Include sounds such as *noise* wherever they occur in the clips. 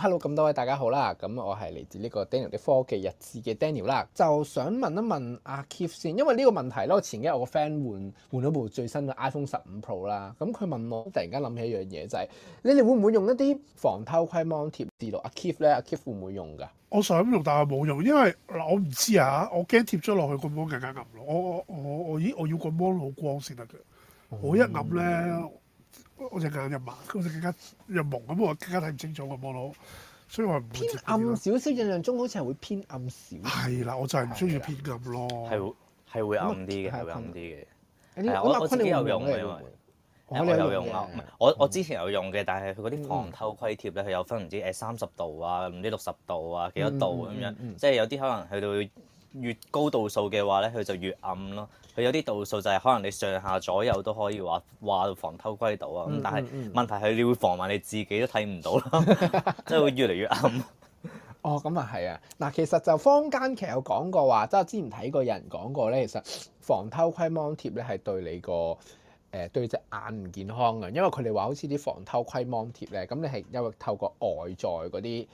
hello，咁多位大家好啦，咁我係嚟自呢個 Daniel 的科技日誌嘅 Daniel 啦，就想問一問阿 Kif 先，因為呢個問題咧，我前幾日我個 friend 換換咗部最新嘅 iPhone 十五 Pro 啦，咁佢問我，突然間諗起一樣嘢就係、是，你哋會唔會用一啲防偷窺 Mon 貼紙咯？阿 Kif 咧，阿 Kif 會唔會用噶？我想用，但係冇用，因為嗱我唔知啊，我驚貼咗落去個 Mon 更加暗咯。我我我我咦，我要個 Mon 好光先得嘅，嗯、我一暗咧。我隻眼又盲，咁就更加入朦，咁我更加睇唔清楚，個波囉，所以話偏暗少少。印象中好似係會偏暗少。係啦，我就係唔中意偏暗咯。係會係暗啲嘅，係會暗啲嘅。我覺得有用嘅，因為,嗯嗯、因為我有用啊。嗯、我我之前有用嘅，但係佢嗰啲防偷窺貼咧，佢有分唔知誒三十度啊，唔知六十度啊，幾多度咁、啊、樣，即係有啲可能去到。嗯嗯越高度數嘅話咧，佢就越暗咯。佢有啲度數就係可能你上下左右都可以話話防偷窺到啊。咁、嗯嗯嗯、但係問題係你會防埋你自己都睇唔到啦，即係會越嚟越暗。 *laughs* 哦，咁啊係啊。嗱，其實就坊間其實有講過話，即係之前睇過有人講過咧，其實防偷窺 Mon 貼咧係對你個誒對隻眼唔健康嘅，因為佢哋話好似啲防偷窺 Mon 貼咧，咁你係因為透過外在嗰啲。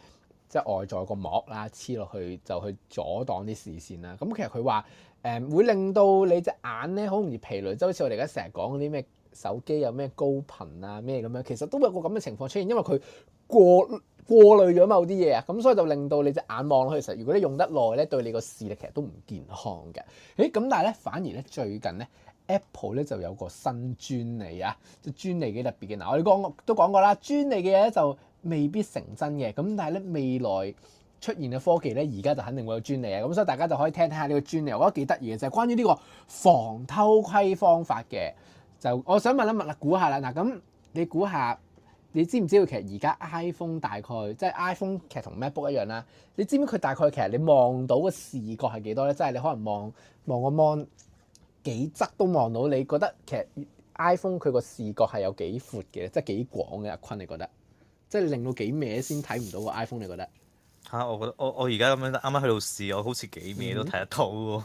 即係外在個膜啦，黐落去就去阻擋啲視線啦。咁、嗯、其實佢話誒會令到你隻眼咧好容易疲累，就好似我哋而家成日講嗰啲咩手機有咩高頻啊咩咁樣，其實都會有個咁嘅情況出現，因為佢過過濾咗某啲嘢啊，咁所以就令到你隻眼望落去。其實如果你用得耐咧，對你個視力其實都唔健康嘅。誒咁，但係咧反而咧最近咧 Apple 咧就有個新專利啊，即係專利幾特別嘅。嗱、啊，我哋講都講過啦，專利嘅嘢咧就。未必成真嘅咁，但係咧未來出現嘅科技咧，而家就肯定會有專利嘅。咁所以大家就可以聽聽下呢個專利，我覺得幾得意嘅就係、是、關於呢個防偷窺方法嘅。就我想問一問嗱估下啦，嗱咁你估下，你知唔知道其實而家 iPhone 大概即係、就是、iPhone 其實同 MacBook 一樣啦。你知唔知佢大概其實你望到嘅視覺係幾多咧？即、就、係、是、你可能望望個 mon 幾側都望到你、就是，你覺得其實 iPhone 佢個視覺係有幾闊嘅？即係幾廣嘅？阿坤，你覺得？即係令到幾咩先睇唔到個 iPhone？你覺得？嚇、啊！我覺得我我而家咁樣啱啱去到試，我好似幾咩都睇得到喎。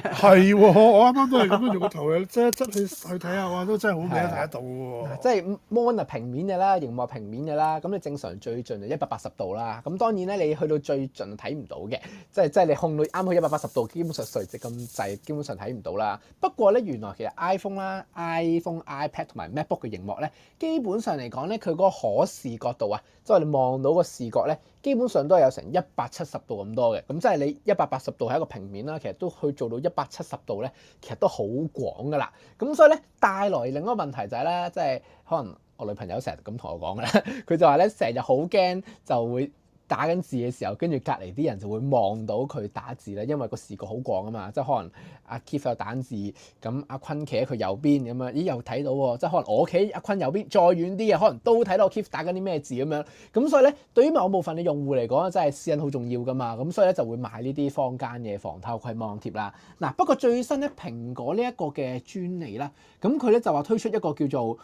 係喎，我啱啱都係咁樣用個頭即側側去去睇下，我都真係好面睇得到喎。即係 mon 啊平面嘅啦，螢幕平面嘅啦。咁你正常最盡就一百八十度啦。咁當然咧，你去到最盡睇唔到嘅，即係即係你控到啱去一百八十度，基本上垂直咁滯，基本上睇唔到啦。不過咧，原來其實 iPhone, iPhone 啦、iPhone、iPad 同埋 MacBook 嘅螢幕咧，基本上嚟講咧，佢嗰個可視角度啊，即係你望到個視角咧。基本上都係有成一百七十度咁多嘅，咁即係你一百八十度係一個平面啦，其實都去做到一百七十度咧，其實都好廣噶啦。咁所以咧，帶來另一個問題就係咧，即係可能我女朋友成日咁同我講咧，佢 *laughs* 就話咧，成日好驚就會，打緊字嘅時候，跟住隔離啲人就會望到佢打字咧，因為個視覺好廣啊嘛，即係可能阿 Kief 有打字，咁阿坤企喺佢右邊咁樣，咦又睇到喎、啊，即係可能我企阿坤右邊，再遠啲嘅可能都睇到 Kief 打緊啲咩字咁樣。咁所以咧，對於某部分嘅用戶嚟講，真係私隱好重要噶嘛，咁所以咧就會買呢啲坊間嘅防偷窺 Mon 貼啦。嗱，不過最新咧，蘋果呢一個嘅專利啦，咁佢咧就話推出一個叫做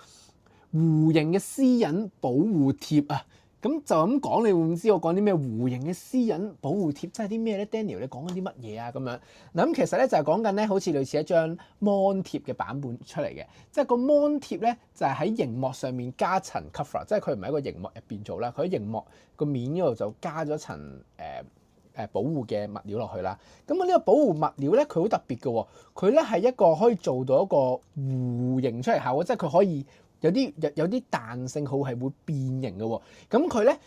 弧形嘅私隱保護貼啊。咁就咁講，你會唔知我講啲咩弧形嘅私隱保護貼，即係啲咩咧？Daniel，你講緊啲乜嘢啊？咁樣嗱，咁其實咧就係講緊咧，好似類似一張 Mon 貼嘅版本出嚟嘅，即係個 Mon 貼咧就係喺熒幕上面加層 cover，、er, 即係佢唔係喺個熒幕入邊做啦，佢喺熒幕個面嗰度就加咗層誒誒、呃、保護嘅物料落去啦。咁啊呢個保護物料咧，佢好特別嘅，佢咧係一個可以做到一個弧形出嚟效果，即係佢可以。有啲有有啲彈性好係會變形嘅喎、哦，咁佢咧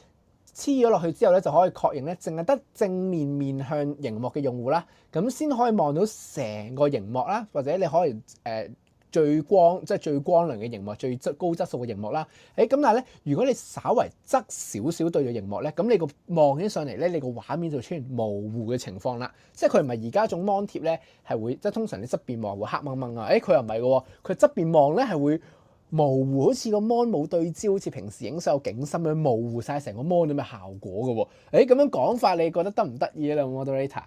黐咗落去之後咧就可以確認咧，淨係得正面面向螢幕嘅用戶啦，咁先可以望到成個螢幕啦，或者你可以誒、呃、最光即係最光亮嘅螢幕、最質高質素嘅螢幕啦。誒、哎、咁，但係咧，如果你稍為側少少對住螢幕咧，咁你個望起上嚟咧，你個畫面就出現模糊嘅情況啦，即係佢唔係而家種 Mon 貼咧係會即係通常你側邊望會黑掹掹啊，誒、哎、佢又唔係嘅，佢側邊望咧係會。模糊好似個 mon 冇對焦，好似平時影相有景深咁，模糊晒，成個 mon 咁嘅效果嘅喎。誒咁樣講法，你覺得得唔得意咧，Moderator？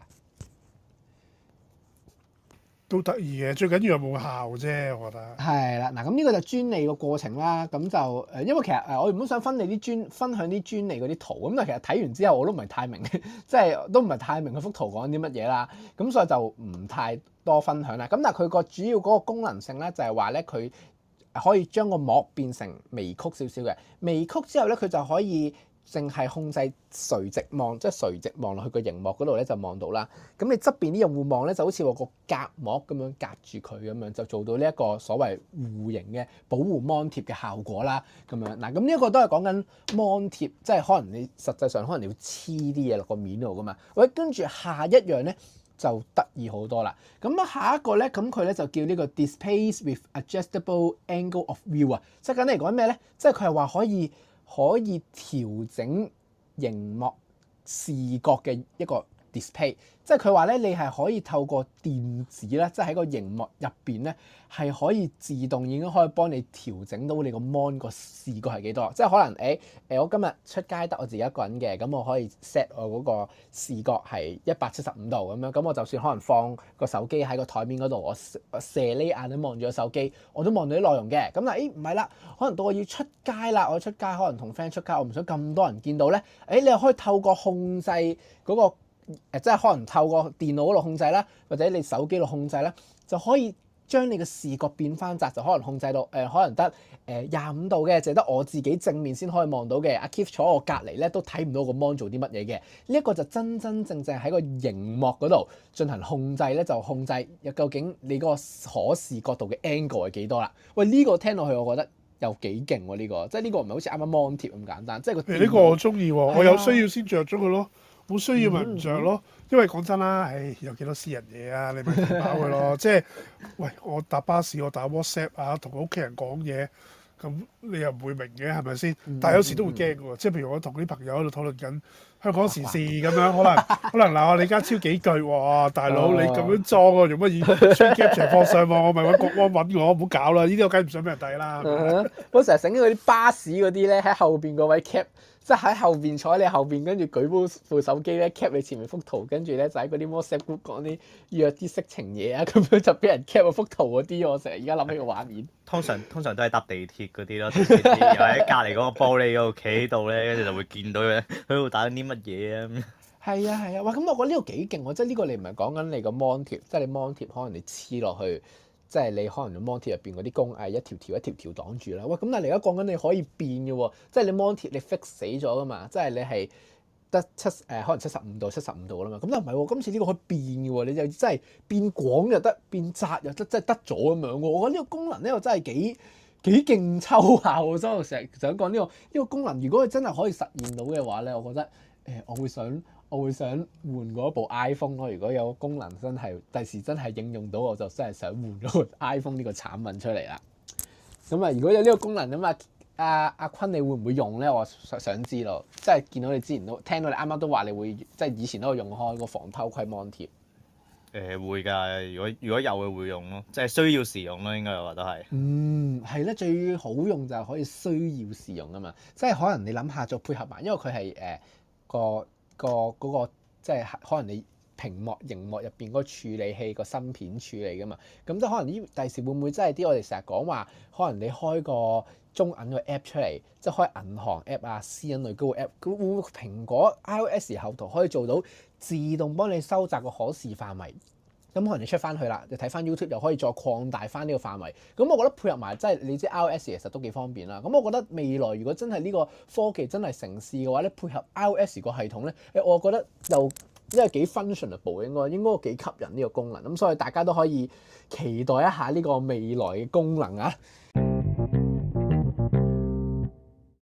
都得意嘅，最緊要係冇效啫。我覺得係啦。嗱咁呢個就專利個過程啦。咁就誒，因為其實誒，我原本想分你啲專分享啲專利嗰啲圖咁，但係其實睇完之後我都唔係太明，即係都唔係太明嗰幅圖講啲乜嘢啦。咁所以就唔太多分享啦。咁但係佢個主要嗰個功能性咧，就係話咧佢。可以將個膜變成微曲少少嘅，微曲之後咧，佢就可以淨係控制垂直望，即係垂直望落去個熒幕嗰度咧就望到啦。咁你側邊啲用戶望咧就好似我個隔膜咁樣隔住佢咁樣，就做到呢一個所謂弧形嘅保護 Mon 貼嘅效果啦。咁樣嗱，咁呢一個都係講緊 Mon 貼，即係可能你實際上可能你要黐啲嘢落個面度㗎嘛。或者跟住下一樣咧。就得意好多啦。咁啊，下一個呢，咁佢呢就叫呢個 display with adjustable angle of view 啊。即係簡單嚟講咩呢？即係佢係話可以可以調整熒幕視覺嘅一個 display 即係佢話咧，你係可以透過電子咧，即係喺個熒幕入邊咧，係可以自動已經可以幫你調整到你個 mon 個視覺係幾多？即係可能誒誒、欸，我今日出街得我自己一個人嘅，咁我可以 set 我嗰個視覺係一百七十五度咁樣，咁我就算可能放個手機喺個台面嗰度，我射呢眼都望住個手機，我都望到啲內容嘅。咁嗱，誒唔係啦，可能到我要出街啦，我出街可能同 friend 出街，我唔想咁多人見到咧。誒、欸，你又可以透過控制嗰、那個。誒、呃、即係可能透過電腦度控制啦，或者你手機度控制啦，就可以將你嘅視覺變翻窄，就可能控制到誒、呃，可能得誒廿五度嘅，淨得我自己正面先可以望到嘅。阿、啊、Keith 坐我隔離咧都睇唔到個 mon 做啲乜嘢嘅。呢、這、一個就真真正正喺個熒幕嗰度進行控制咧，就控制又究竟你個可視角度嘅 angle 係幾多啦？喂，呢、這個聽落去我覺得又幾勁喎，呢、這個即係呢個唔係好似啱啱 mon 貼咁簡單，即係呢個，個我中意喎，我有需要先着咗佢咯。好需要咪唔着咯，因為講真啦，唉，有幾多私人嘢啊，你咪唔包嘅咯。 *laughs* 即係喂，我搭巴士，我打 WhatsApp 啊，同屋企人講嘢，咁你又唔會明嘅，係咪先？ *laughs* 但係有時都會驚嘅喎，即係譬如我同啲朋友喺度討論緊香港時事咁樣，可能可能嗱，鬧你李家超幾句喎，大佬 *laughs* 你咁樣裝、啊，做乜嘢？Snapchat 放上網，我咪揾國安揾我，唔好搞啦！呢啲我梗係唔想俾人睇啦。我成日醒起巴士嗰啲咧，喺後邊嗰位 cap。即喺後邊坐喺你後邊，跟住舉部部手機咧，cap 你前面幅圖，跟住咧就喺嗰啲 WhatsApp、group 嗰啲約啲色情嘢啊，咁樣就俾人 cap 幅圖嗰啲，我成日而家諗起個畫面。通常通常都係搭地鐵嗰啲咯， *laughs* 又喺隔離嗰個玻璃嗰度企喺度咧，跟住就會見到佢喺度打緊啲乜嘢啊。係啊係啊，哇！咁我覺得呢個幾勁喎，即係呢個你唔係講緊你個 Mon 貼即係你 Mon 貼可能你黐落去。即係你可能 Mon 貼入邊嗰啲工藝，誒一條條一條條擋住啦。喂，咁但係你而家講緊你可以變嘅，即係你 Mon 貼你 fix 死咗噶嘛？即係你係得七誒、呃，可能七十五度、七十五度啦嘛。咁都唔係，今次呢個可以變嘅，你就真係變廣又得，變窄又得，真係得咗咁樣。我覺得呢個功能呢我真 *laughs* 我、這個真係幾幾勁抽下喎。所以我成日想講呢個呢個功能，如果佢真係可以實現到嘅話咧，我覺得誒、呃，我會想。我會想換嗰一部 iPhone 咯。如果有功能真係第時真係應用到，我就真係想換咗 iPhone 呢個產品出嚟啦。咁啊，如果有呢個功能咁啊，阿、啊、阿坤，你會唔會用呢？我想知咯。即係見到你之前都聽到你啱啱都話你會，即係以前都有用開個防偷窺 Mon 貼。誒、呃、會㗎，如果如果有嘅會用咯，即係需要時用咯，應該話都係。嗯，係咧，最好用就係可以需要時用㗎嘛。即係可能你諗下再配合埋，因為佢係誒個。那個嗰個即係可能你屏幕熒幕入邊嗰個處理器、個芯片處理㗎嘛，咁即係可能呢。第時會唔會真係啲我哋成日講話，可能你開個中銀個 app 出嚟，即係開銀行 app 啊、私隱類嗰個 app，咁蘋果 iOS 後台可以做到自動幫你收集個可視範圍。咁可能你出翻去啦，就睇翻 YouTube 又可以再擴大翻呢個範圍。咁我覺得配合埋即係你知 iOS 其實都幾方便啦。咁我覺得未來如果真係呢個科技真係成事嘅話咧，配合 iOS 個系統咧，誒，我覺得又因為幾 functionable 應該應該幾吸引呢個功能。咁所以大家都可以期待一下呢個未來嘅功能啊！